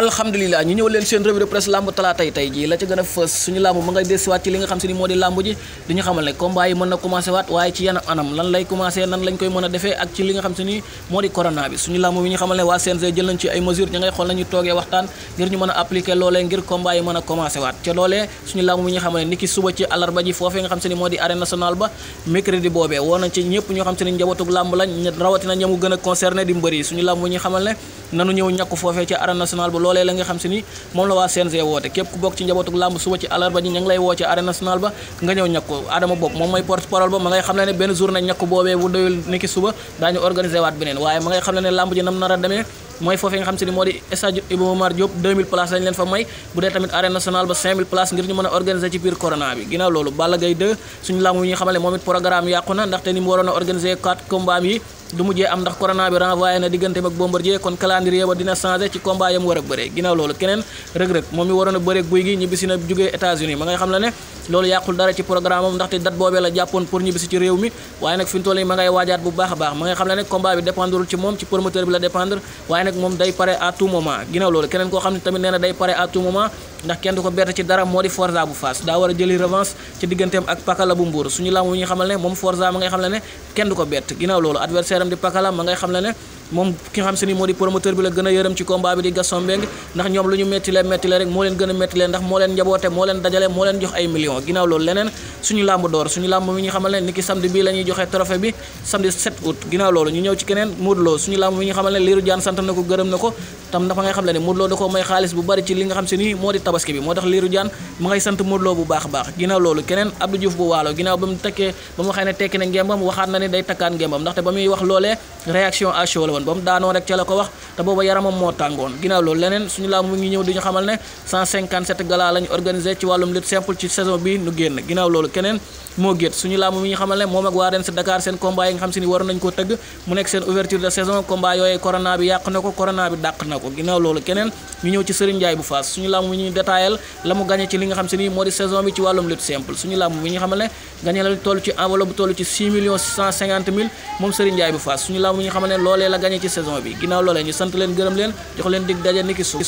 alhamdulilah ñu ñëw leen seen revue de presse lamb talaatay tey jii la ca gën fës suñu lamb ma ngay desiwaat ci li nga xam si moo di lamb ji di ñu xamal ne waaye ci yan anam lan lay commencé nan lañ koy mën a defee ak ci li nga xam si moo di corona bi suñu lamb bi ñu xamal ne waa CNG jël ci ay mesures ji foofee nga xam si moo di arène nationale ba mercredi boobee woo ci ñëpp ñoo xam si njabootug lamb lañ rawatina ñamu gën a di mbëri loolee la xam si ni moom la waa CNG woote képp ku bokk ci njabootuk làmb suba ci àllarba ñi ña lay woo ci arène nationale ba nga ñëw ñakku Adama Bopp moom mooy porte parole ba ma ngay xam ne ne benn journée ñakku boobee bu doyul niki suba daañu leen fa may bu dee tamit arène nationale ba 5000 ngir ñu mën a organiser ci biir corona bi ginnaaw loolu Balla Gaye suñu làmb yi ñu xamal moom it programme yàqu na ndaxte ni mu waroon a organiser du mujjee am ndax corona bi renvoyé na digganteem ak Bombardier kon calendrier ba dina changé ci combat war a bëree ginnaaw loolu keneen rëg-rëg moom mi waroon a bëree guy gi ñibbisi na jógee États-Unis ma ngay xam la ne loolu yàqul dara ci programme am ndaxte date boobee la jàppoon pour ñibbisi ci réew mi waaye nag fi ma ngay waajaat bu baax a baax ma ngay xam la ne combat bi dépendrul ci moom ci promoteur bi la dépendre waaye nag moom day pare ne tamit nee na ndax kenn du ko bett ci dara moo di Forza bu Fass daa war a jëli revanche ci digganteem ak Pakala bu Mbour suñu làmb yi ñu xamal ne moom Forza ma ngay xam le ne kenn du ko bett ginnaaw loolu adversaire am di Pakala ma ngay xam le ne moom ki nga xam se ni moo di promoteur bi la gën a yërëm ci combat bi di Gaston Mbengue ndax ñoom lu ñu metti lee metti lee rek moo leen gën a metti lee ndax moo leen njaboote moo leen dajale moo leen jox ay millions ginnaaw loolu leneen suñu làmb door suñu làmb mi ñu xamal ne ni ki samedi bii la ñuy joxe trophée bi samedi 7 août ginnaaw loolu ñu ñëw ci keneen Modou Lo suñu làmb mi ñu xamal ne Lirou Diane sant na ko gërëm na ko tam dafa ngay xam le ne Modou Lo da ko may xaalis bu bari ci li nga xam se ni moo di tabaski bi moo tax Lirou Diane ma ngay sant Modou Lo bu baax baax ginnaaw loolu keneen Abdou Diouf bu waalo ginnaaw ba mu tekkee ba mu xëy ne tekki na ngembam waxaat na ne day takkaat ngembam ndaxte ba muy wax loolee réaction à chaud la woon ba mu daanoo rek ca wax te booba yaramam moo tàngoon ginnaaw loolu leneen suñu làmb mu ngi ñëw di ñu xamal ne 157 gala lañu organisé ci wàllum lutte simple ci saison bi nu génn ginnaaw loolu keneen moo géet suñu làmb mi ñu xamal ne moom ak suñu làmb mu gagné ci li moo di saison bi ci wàllum lutte simple suñu làmb mi ñu xamal ne gagné la toll ci enveloppe bu ci 6 mille moom Serigne Ndiaye bu Faas suñu làmb mi ñu xamal ne loolee la gagné ci saison bi ginnaaw loolee sant leen gërëm leen jox leen dig daje niki su